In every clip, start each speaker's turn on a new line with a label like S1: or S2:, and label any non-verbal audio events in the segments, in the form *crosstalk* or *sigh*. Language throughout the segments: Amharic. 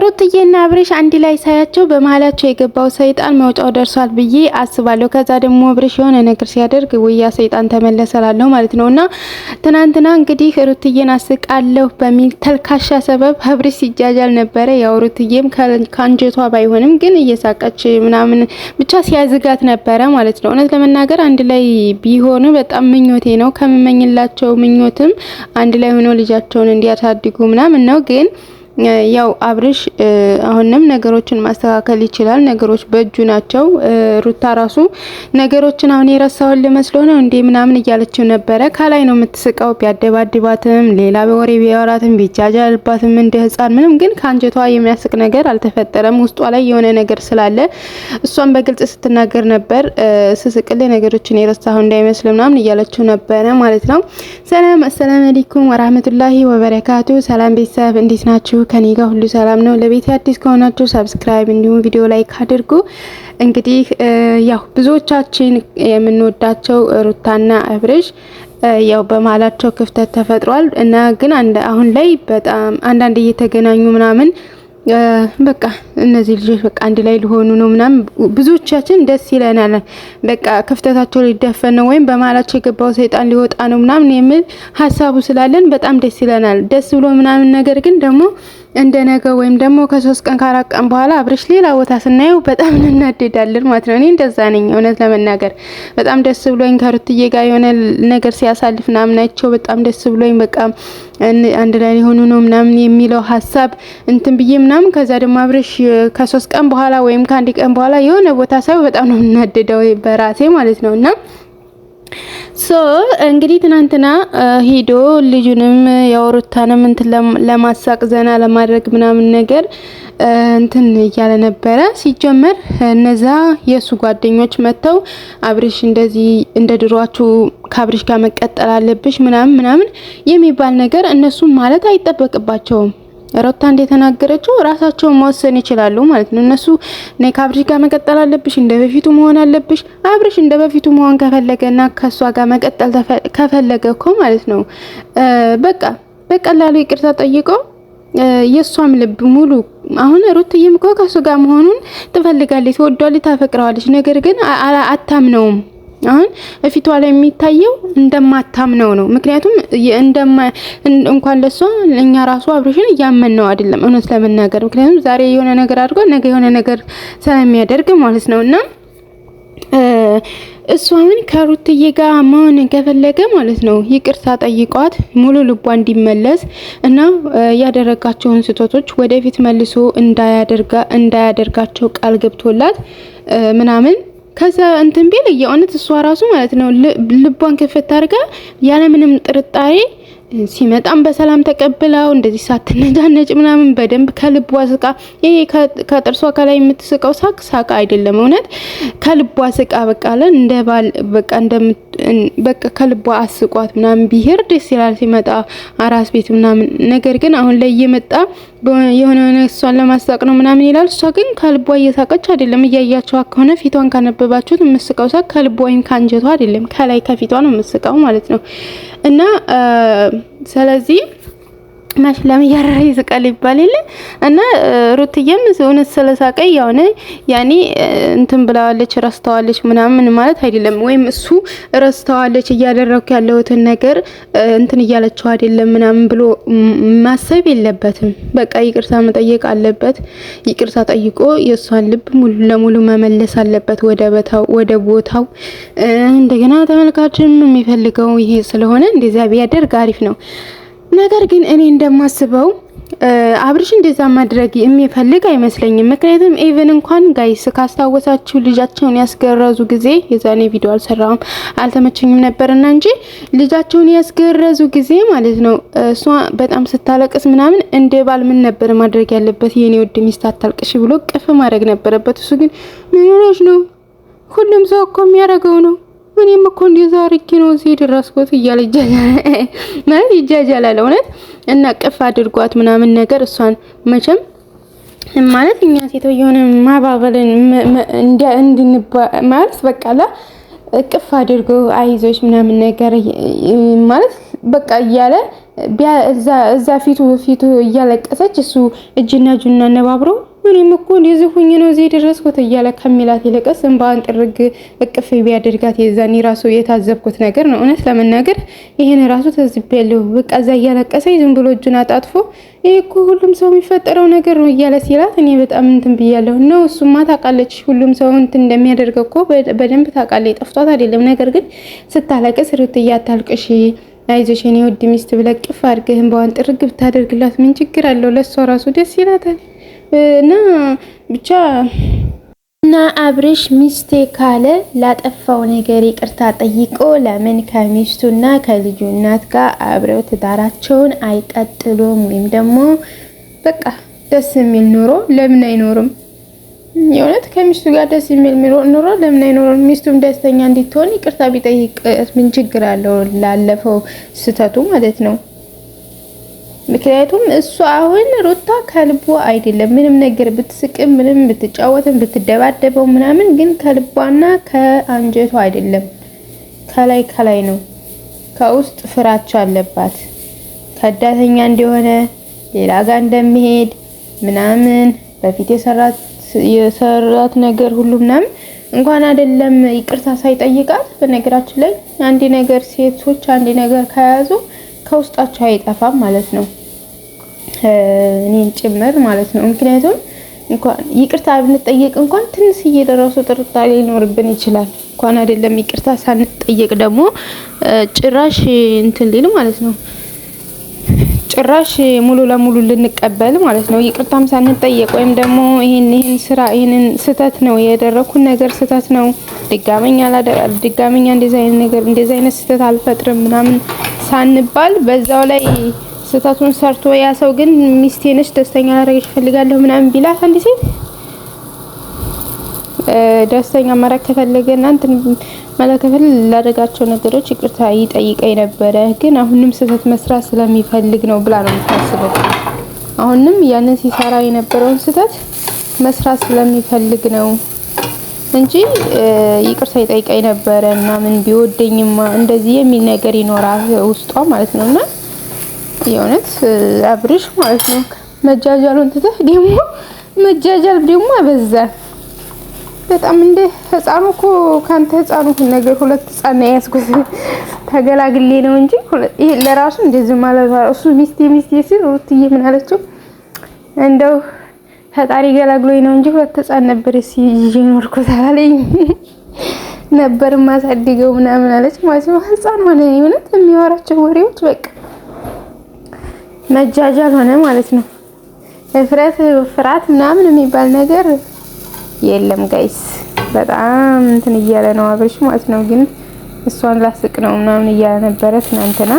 S1: ሩትዬና አብሬሽ አንድ ላይ ሳያቸው በመሀላቸው የገባው ሰይጣን መውጫው ደርሷል ብዬ አስባለሁ። ከዛ ደግሞ አብሬሽ የሆነ ነገር ሲያደርግ ውያ ሰይጣን ተመለሰላለሁ ማለት ነው። እና ትናንትና እንግዲህ ሩትዬን አስቃለሁ በሚል ተልካሻ ሰበብ አብሬሽ ሲጃጃል ነበረ። ያው ሩትዬም ከአንጀቷ ባይሆንም ግን እየሳቀች ምናምን ብቻ ሲያዝጋት ነበረ ማለት ነው። እውነት ለመናገር አንድ ላይ ቢሆኑ በጣም ምኞቴ ነው። ከምመኝላቸው ምኞትም አንድ ላይ ሆኖ ልጃቸውን እንዲያሳድጉ ምናምን ነው ግን ያው አብርሽ አሁንም ነገሮችን ማስተካከል ይችላል። ነገሮች በእጁ ናቸው። ሩታ ራሱ ነገሮችን አሁን የረሳውን ልመስሎ ነው እንዴ ምናምን እያለችው ነበረ። ከላይ ነው የምትስቀው። ቢያደባድባትም ሌላ በወሬ ቢያወራትም ቢጃጃልባትም እንደ ሕፃን ምንም ግን ከአንጀቷ የሚያስቅ ነገር አልተፈጠረም። ውስጧ ላይ የሆነ ነገር ስላለ እሷን በግልጽ ስትናገር ነበር። ስስቅል ነገሮችን የረሳሁ እንዳይመስል ምናምን እያለችው ነበረ ማለት ነው። ሰላም አሰላም አለይኩም ወራህመቱላሂ ወበረካቱ። ሰላም ቤተሰብ እንዴት ናችሁ? ከኔ ጋር ሁሉ ሰላም ነው። ለቤት አዲስ ከሆናችሁ ሰብስክራይብ እንዲሁም ቪዲዮ ላይክ አድርጉ። እንግዲህ ያው ብዙዎቻችን የምንወዳቸው ሩታና አብርሽ ያው በመሀላቸው ክፍተት ተፈጥሯል እና ግን አሁን ላይ በጣም አንዳንድ እየተገናኙ ምናምን በቃ እነዚህ ልጆች በቃ አንድ ላይ ሊሆኑ ነው ምናምን ብዙዎቻችን ደስ ይለናል። በቃ ክፍተታቸው ሊደፈን ነው ወይም በመሀላቸው የገባው ሰይጣን ሊወጣ ነው ምናምን የሚል ሀሳቡ ስላለን በጣም ደስ ይለናል። ደስ ብሎ ምናምን ነገር ግን ደግሞ እንደ ነገ ወይም ደግሞ ከሶስት ቀን ከአራት ቀን በኋላ አብርሽ ሌላ ቦታ ስናየው በጣም *laughs* እንናደዳለን ማለት ነው። እኔ እንደዛ ነኝ። እውነት ለመናገር በጣም ደስ ብሎኝ ከሩትዬ ጋር የሆነ ነገር ሲያሳልፍ ናምናቸው በጣም ደስ ብሎኝ በቃ አንድ ላይ ሊሆኑ ነው ምናምን የሚለው ሀሳብ እንትን ብዬ ምናምን ከዛ ደግሞ አብርሽ ከሶስት ቀን በኋላ ወይም ከአንድ ቀን በኋላ የሆነ ቦታ ሳይ በጣም ነው የምናደደው በራሴ ማለት ነው እና ሶ እንግዲህ ትናንትና ሂዶ ልጁንም የወሩታንም እንትን ለማሳቅ ዘና ለማድረግ ምናምን ነገር እንትን እያለ ነበረ። ሲጀመር እነዛ የእሱ ጓደኞች መጥተው አብርሽ እንደዚህ እንደ ድሯችሁ ከአብርሽ ጋር መቀጠል አለብሽ ምናምን ምናምን የሚባል ነገር እነሱም ማለት አይጠበቅባቸውም። ሩታ እንደተናገረችው ራሳቸውን መወሰን ይችላሉ ማለት ነው። እነሱ ነይ ከአብርሽ ጋር መቀጠል አለብሽ፣ እንደ በፊቱ መሆን አለብሽ። አብርሽ እንደ በፊቱ መሆን ከፈለገና ከሷ ጋር መቀጠል ከፈለገ እኮ ማለት ነው በቃ በቀላሉ ይቅርታ ጠይቆ የእሷም ልብ ሙሉ አሁን ሩትዬም እኮ ከሱ ጋር መሆኑን ትፈልጋለች፣ ትወዷለች፣ ታፈቅረዋለች። ነገር ግን አታምነውም። አሁን ፊቷ ላይ የሚታየው እንደማታምነው ነው። ምክንያቱም እንኳን ለሷ እኛ ራሱ አብሬሽን እያመን ነው አይደለም እውነት ለመናገር ምክንያቱም ዛሬ የሆነ ነገር አድርጎ ነገ የሆነ ነገር ስለሚያደርግ ማለት ነው እና እሷን ከሩትዬ ጋር መሆን ከፈለገ ማለት ነው ይቅርታ ጠይቋት ሙሉ ልቧ እንዲመለስ እና ያደረጋቸውን ስህተቶች ወደፊት መልሶ እንዳያደርጋቸው ቃል ገብቶላት ምናምን ከዛ እንትን ቢል የእውነት እሷ ራሱ ማለት ነው ልቧን ክፍት አድርጋ ያለምንም ጥርጣሬ ሲመጣም በሰላም ተቀብለው እንደዚህ ሳትነጃነጭ ምናምን በደንብ ከልቧ ስቃ፣ ይሄ ከጥርሷ ከላይ የምትስቀው ሳቅ ሳቅ አይደለም፣ እውነት ከልቧ ስቃ በቃ ለን እንደ ባል በቃ እንደምት በቃ ከልቧ አስቋት ምናምን ብሄር ደስ ይላል። ሲመጣ አራስ ቤት ምናምን ነገር ግን አሁን ላይ እየመጣ የሆነ እሷን ለማሳቅ ነው ምናምን ይላል። እሷ ግን ከልቧ እየሳቀች አይደለም። እያያቸው ከሆነ ፊቷን ካነበባችሁት የምስቀው ሳቅ ከልቧ ወይም ከአንጀቷ አይደለም፣ ከላይ ከፊቷ ነው የምስቀው ማለት ነው እና ስለዚህ ማሽላም እያረረ ይስቃል ይባል የለ እና ሩትዬም እውነት ስለሳቀይ ያውነ ያኔ እንትን ብላዋለች ረስተዋለች ምናምን ማለት አይደለም። ወይም እሱ ረስተዋለች እያደረኩ ያለሁትን ነገር እንትን እያለችው አይደለም ምናምን ብሎ ማሰብ የለበትም። በቃ ይቅርታ መጠየቅ አለበት። ይቅርታ ጠይቆ የእሷን ልብ ሙሉ ለሙሉ መመለስ አለበት ወደ ቦታው ወደ ቦታው። እንደገና ተመልካችም የሚፈልገው ይሄ ስለሆነ እንደዚያ ቢያደርግ አሪፍ ነው። ነገር ግን እኔ እንደማስበው አብርሽ እንደዛ ማድረግ የሚፈልግ አይመስለኝም። ምክንያቱም ኤቨን እንኳን ጋይስ ካስታወሳችሁ ልጃቸውን ያስገረዙ ጊዜ የዛኔ ቪዲዮ አልሰራም አልተመቸኝም ነበርና እንጂ ልጃቸውን ያስገረዙ ጊዜ ማለት ነው እሷ በጣም ስታለቅስ ምናምን እንደ ባል ምን ነበር ማድረግ ያለበት? የኔ ውድ ሚስት አታልቅሽ ብሎ ቅፍ ማድረግ ነበረበት። እሱ ግን ምን ሆነሽ ነው? ሁሉም ሰው እኮ የሚያደርገው ነው እኔም እኮ እንደዛ አድርጌ ነው እዚህ የደረስኩት እያለ *laughs* ማለት ይጃጃላል። እውነት እና ቅፍ አድርጓት ምናምን ነገር እሷን መቼም ማለት እኛ ሴቶች የሆነ ማባበልን እንደ ማለት በቃላ ቅፍ አድርጎ አይዞች ምናምን ነገር ማለት በቃ እያለ እዛ ፊቱ ፊቱ እያለቀሰች እሱ እጅና እጁና አነባብሮ እኔም እኮ እንደዚህ ሁኝ ነው እዚህ የደረስኩት እያለ ከሚላት ይልቀስ እንባን ጥርግ እቅፍ ቢያደርጋት የዛኔ ራሱ የታዘብኩት ነገር ነው። እውነት ለመናገር ይህን ራሱ ተዝቤያለሁ። በቃ እዛ እያለቀሰኝ ዝም ብሎ እጁን አጣጥፎ ይህ እኮ ሁሉም ሰው የሚፈጠረው ነገር ነው እያለ ሲላት እኔ በጣም እንትን ብያለሁ ነው። እሱማ ታውቃለች፣ ሁሉም ሰው እንትን እንደሚያደርገው እኮ በደንብ ታውቃለች። ጠፍቷት አይደለም። ነገር ግን ስታለቅስ ሩት እያታልቅሽ አይዞሽ የኔ ውድ ሚስት ብለህ ቅፍ አድርገህን በዋን ጥርግ ብታደርግላት ምን ችግር አለው? ለእሷ ራሱ ደስ ይላታል። እና ብቻ እና አብርሽ ሚስቴ ካለ ላጠፋው ነገር ይቅርታ ጠይቆ ለምን ከሚስቱና ከልጁ እናት ጋር አብረው ትዳራቸውን አይቀጥሉም? ወይም ደግሞ በቃ ደስ የሚል ኑሮ ለምን አይኖርም? የእውነት ከሚስቱ ጋር ደስ የሚል ኑሮ ለምን አይኖርም? ሚስቱም ደስተኛ እንድትሆን ይቅርታ ቢጠይቅ ምን ችግር አለው? ላለፈው ስህተቱ ማለት ነው። ምክንያቱም እሱ አሁን ሩታ ከልቧ አይደለም። ምንም ነገር ብትስቅም፣ ምንም ብትጫወትም፣ ብትደባደበው ምናምን ግን ከልቧና ከአንጀቷ አይደለም። ከላይ ከላይ ነው። ከውስጥ ፍራቻ አለባት። ከዳተኛ እንደሆነ ሌላ ጋር እንደሚሄድ ምናምን በፊት የሰራት የሰራት ነገር ሁሉ ምናምን እንኳን አይደለም ይቅርታ ሳይጠይቃት። በነገራችን ላይ አንድ ነገር ሴቶች አንድ ነገር ከያዙ ከውስጣቸው አይጠፋም ማለት ነው፣ እኔን ጭምር ማለት ነው። ምክንያቱም እንኳን ይቅርታ ብንጠየቅ እንኳን ትንሽዬ የደረሱ ጥርጣሬ ሊኖርብን ይችላል። እንኳን አይደለም ይቅርታ ሳንጠየቅ ደግሞ ጭራሽ እንትን ሊል ማለት ነው። ጭራሽ ሙሉ ለሙሉ ልንቀበል ማለት ነው፣ ይቅርታም ሳንጠየቅ ወይም ደግሞ ይህን ይህን ስራ ይህንን ስህተት ነው የደረኩን ነገር ስህተት ነው፣ ድጋመኛ እንደዚህ አይነት ስህተት አልፈጥርም ምናምን ሳንባል በዛው ላይ ስህተቱን ሰርቶ ያ ሰው ግን ሚስቴ ነች ደስተኛ ላደረገች ይፈልጋለሁ ምናምን ቢላት አንድ ሴት ደስተኛ ማድረግ ከፈለገ እና እንትን ማለት ከፈለገ ላደረጋቸው ነገሮች ይቅርታ ይጠይቀኝ ነበረ፣ ግን አሁንም ስህተት መስራት ስለሚፈልግ ነው ብላ ነው የምታስበው። አሁንም ያንን ሲሰራ የነበረውን ስህተት መስራት ስለሚፈልግ ነው እንጂ ይቅርታ ይጠይቀኝ ነበረ እና ምን ቢወደኝማ እንደዚህ የሚል ነገር ይኖራል ውስጧ ማለት ነው። ነውና የእውነት አብርሽ ማለት ነው መጃጃሉን ትተህ ደግሞ መጃጃል ደግሞ አበዛል። በጣም እንደ ህፃኑ እኮ ከአንተ ህፃኑ ነገር ሁለት ህፃን ያስኩት ተገላግሌ ነው እንጂ ይሄ ለራሱ እንደዚህ ማለት እሱ ሚስቴ ሚስቴ ሲል ሩትዬ ምን አለችው? እንደው ፈጣሪ ገላግሎኝ ነው እንጂ ሁለት ህፃን ነበር ይዤ ኖርኩት አላለኝ ነበር ማሳድገው ምናምን አለች ማለት ነው። ህፃን ሆነ እውነት የሚያወራቸው ወሬዎች በቃ መጃጃል ሆነ ማለት ነው። እፍረት ፍርሃት ምናምን የሚባል ነገር የለም ጋይስ በጣም እንትን እያለ ነው አብርሽ ማለት ነው። ግን እሷን ላስቅ ነው ምናምን እያለ ነበረ ትናንትና።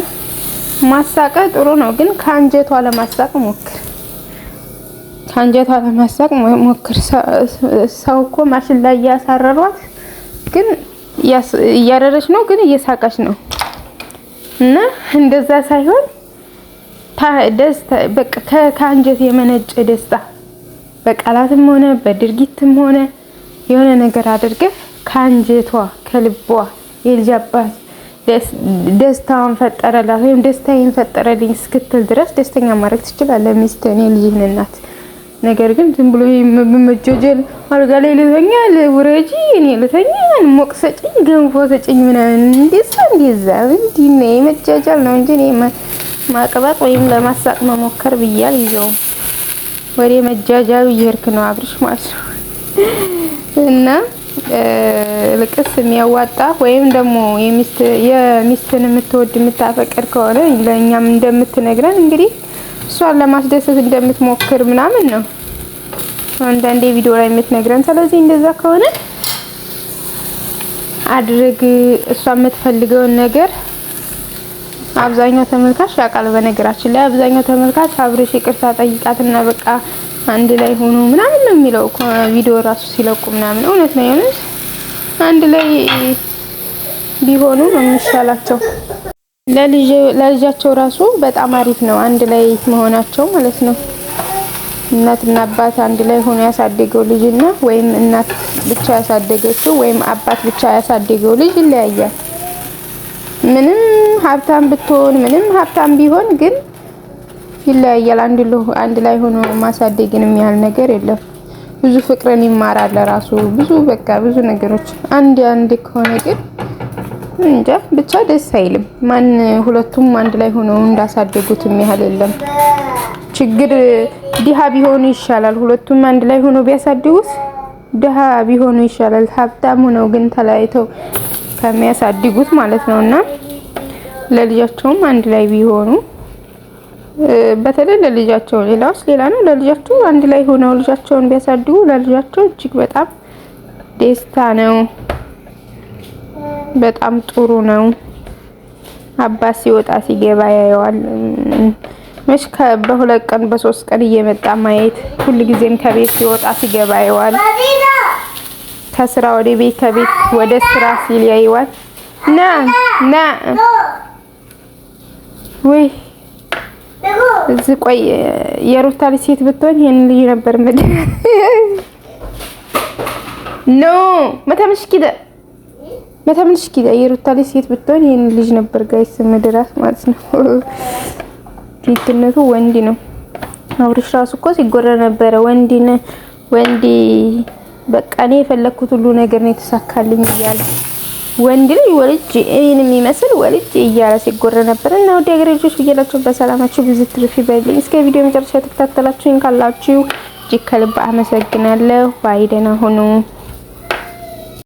S1: ማሳቀ ጥሩ ነው፣ ግን ከአንጀቷ ለማሳቅ ሞክር፣ ከአንጀቷ ለማሳቅ ሞክር። ሰው እኮ ማሽን ላይ እያሳረሯት፣ ግን እያረረች ነው፣ ግን እየሳቀች ነው። እና እንደዛ ሳይሆን ደስታ በቃ ከአንጀት የመነጨ ደስታ በቃላትም ሆነ በድርጊትም ሆነ የሆነ ነገር አድርገህ ከአንጀቷ ከልቧ የልጅ አባት ደስታዋን ፈጠረላት ወይም ደስታዬን ፈጠረልኝ እስክትል ድረስ ደስተኛ ማድረግ ትችላለህ ሚስትህን፣ የልጅህን እናት። ነገር ግን ዝም ብሎ መጆጀል አልጋ ላይ ልተኛል፣ ውረጂ፣ እኔ ልተኛል፣ ሞቅ ሰጭኝ፣ ገንፎ ሰጭኝ ምናምን እንደዛ እንደዛ እንዲህ መጃጃል ነው እንጂ ማቅበጥ ወይም ለማሳቅ መሞከር ብያል ይዘውም ወደ መጃጃብ እየሄድክ ነው አብርሽ ማለት ነው። እና ልቅስ የሚያዋጣ ወይም ደግሞ የሚስትን የምትወድ የምታፈቅድ ከሆነ ለእኛም እንደምትነግረን እንግዲህ እሷን ለማስደሰት እንደምትሞክር ምናምን ነው አንዳንዴ ቪዲዮ ላይ የምትነግረን። ስለዚህ እንደዛ ከሆነ አድርግ እሷ የምትፈልገውን ነገር አብዛኛው ተመልካች ያውቃል። በነገራችን ላይ አብዛኛው ተመልካች አብርሽ ይቅርታ ጠይቃትና በቃ አንድ ላይ ሆኖ ምናምን ነው የሚለው ቪዲዮ ራሱ ሲለቁ ምናምን። እውነት ነው የሆነች አንድ ላይ ቢሆኑ ነው የሚሻላቸው ለልጃቸው ራሱ በጣም አሪፍ ነው አንድ ላይ መሆናቸው ማለት ነው። እናትና አባት አንድ ላይ ሆኖ ያሳደገው ልጅና ወይም እናት ብቻ ያሳደገችው ወይም አባት ብቻ ያሳደገው ልጅ ይለያያል። ምንም ሀብታም ብትሆን ምንም ሀብታም ቢሆን ግን ይለያያል። አንድ ላይ ሆኖ ማሳደግን የሚያህል ነገር የለም። ብዙ ፍቅርን ይማራል ለራሱ ብዙ በቃ ብዙ ነገሮች አንድ አንድ ከሆነ ግን እንጃ ብቻ ደስ አይልም። ማን ሁለቱም አንድ ላይ ሆነው እንዳሳደጉት የሚያህል የለም። ችግር ድሃ ቢሆኑ ይሻላል። ሁለቱም አንድ ላይ ሆነው ቢያሳድጉት ድሃ ቢሆኑ ይሻላል። ሀብታም ሆነው ግን ተለያይተው ከሚያሳድጉት ማለት ነው እና ለልጃቸውም አንድ ላይ ቢሆኑ በተለይ ለልጃቸው ሌላውስ ሌላ ነው። ለልጃቸው አንድ ላይ ሆነው ልጃቸውን ቢያሳድጉ ለልጃቸው እጅግ በጣም ደስታ ነው። በጣም ጥሩ ነው። አባት ሲወጣ ሲገባ ያየዋል። መች በሁለት ቀን በሶስት ቀን እየመጣ ማየት ሁልጊዜም ከቤት ሲወጣ ሲገባ ያየዋል። ከስራ ወደ ቤት ከቤት ወደ ስራ ሲል ያይዋት ና ና ወይ እዚህ ቆይ የሩታ ልጅ ሴት ብትሆን ይሄን ልጅ ነበር ምድ ኖ መተምሽ ኪደ መተምሽ ኪደ የሩታ ልጅ ሴት ብትሆን ይሄን ልጅ ነበር ጋይስ ምድራት ማለት ነው። ፊትነቱ ወንድ ነው። አብርሽ ራሱ እኮ ሲጎረ ነበረ ወንድ ወንድ በቃ እኔ የፈለግኩት ሁሉ ነገር ነው የተሳካልኝ እያለ ወንድ ልጅ ወልጅ እኔን የሚመስል ወልጅ እያለ ሲጎረ ነበር። እና ወደ ሀገሬ ልጆች ብያላችሁ በሰላማችሁ ብዙ ትርፍ ይበልኝ። እስከ ቪዲዮ መጨረሻ የተከታተላችሁኝ ካላችሁ እጅግ ከልብ አመሰግናለሁ። ባይ ደህና